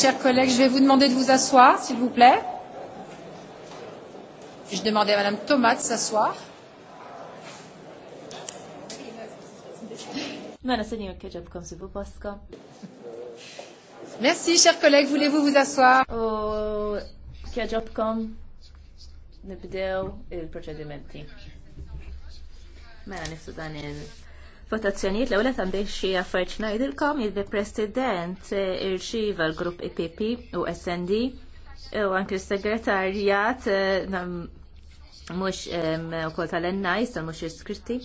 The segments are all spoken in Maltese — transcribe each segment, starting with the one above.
Chers collègues, je vais vous demander de vous asseoir, s'il vous plaît. Je demandais à Madame Thomas de s'asseoir. Mela, Merci, chers collègues. Voulez-vous vous asseoir? Kieġobkom nibdew il-proċedimenti. Mela nifsu dan il- votazzjonijiet l-ewwel qed għandi xi affarijiet ngħidilkom il-President irċieva l-grupp IPP u SND u anke s-segretarjat ehm, mhux ehm, ukoll tal-ennajs tal-mhux iskritti.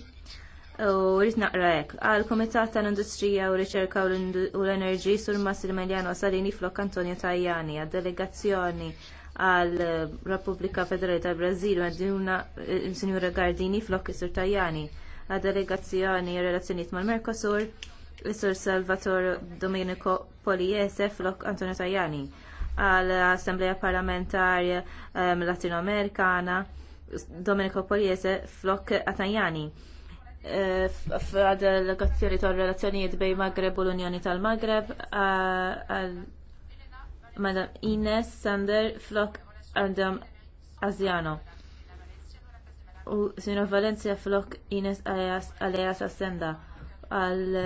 U rrit naqra hekk. Għal Kumitat tal-Industrija u Riċerka u l-Enerġi sur Massimiliano Salini flok Antonio Tajani għad delegazzjoni għal ehm, Repubblika Federali tal-Brażil u għad Sinjura Gardini flok Sur Tajani għad-delegazzjoni relazzjoniet mal-Mercosur, Isur Salvatore Domenico Poliese flok Antonio Tajani għall-Assembleja Parlamentarja um, ehm, Latinoamerikana Domenico Poliese flok Atajani eh, għad-delegazzjoni tal-relazzjonijiet bej Maghreb u l-Unjoni tal-Maghreb eh, Madam Ines Sander flok għandam Aziano u Sinjor Valencia flok Ines Aleas Assenda għal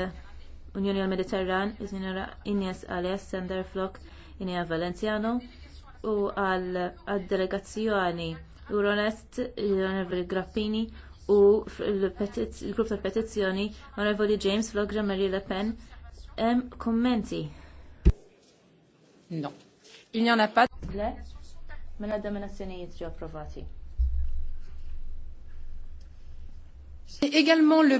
Unjoni għal Mediterran, Sinjora Ines Aleas Sender flok Inea Valenciano u għal delegazzjoni Euronest, Onorevoli Grappini u il-grupp tal petizzjoni Onorevoli James flok Marie Le Pen. Hemm kummenti? No. Il n'y en a pas. Le? Mela deminazzjonijiet ġew approvati. Également le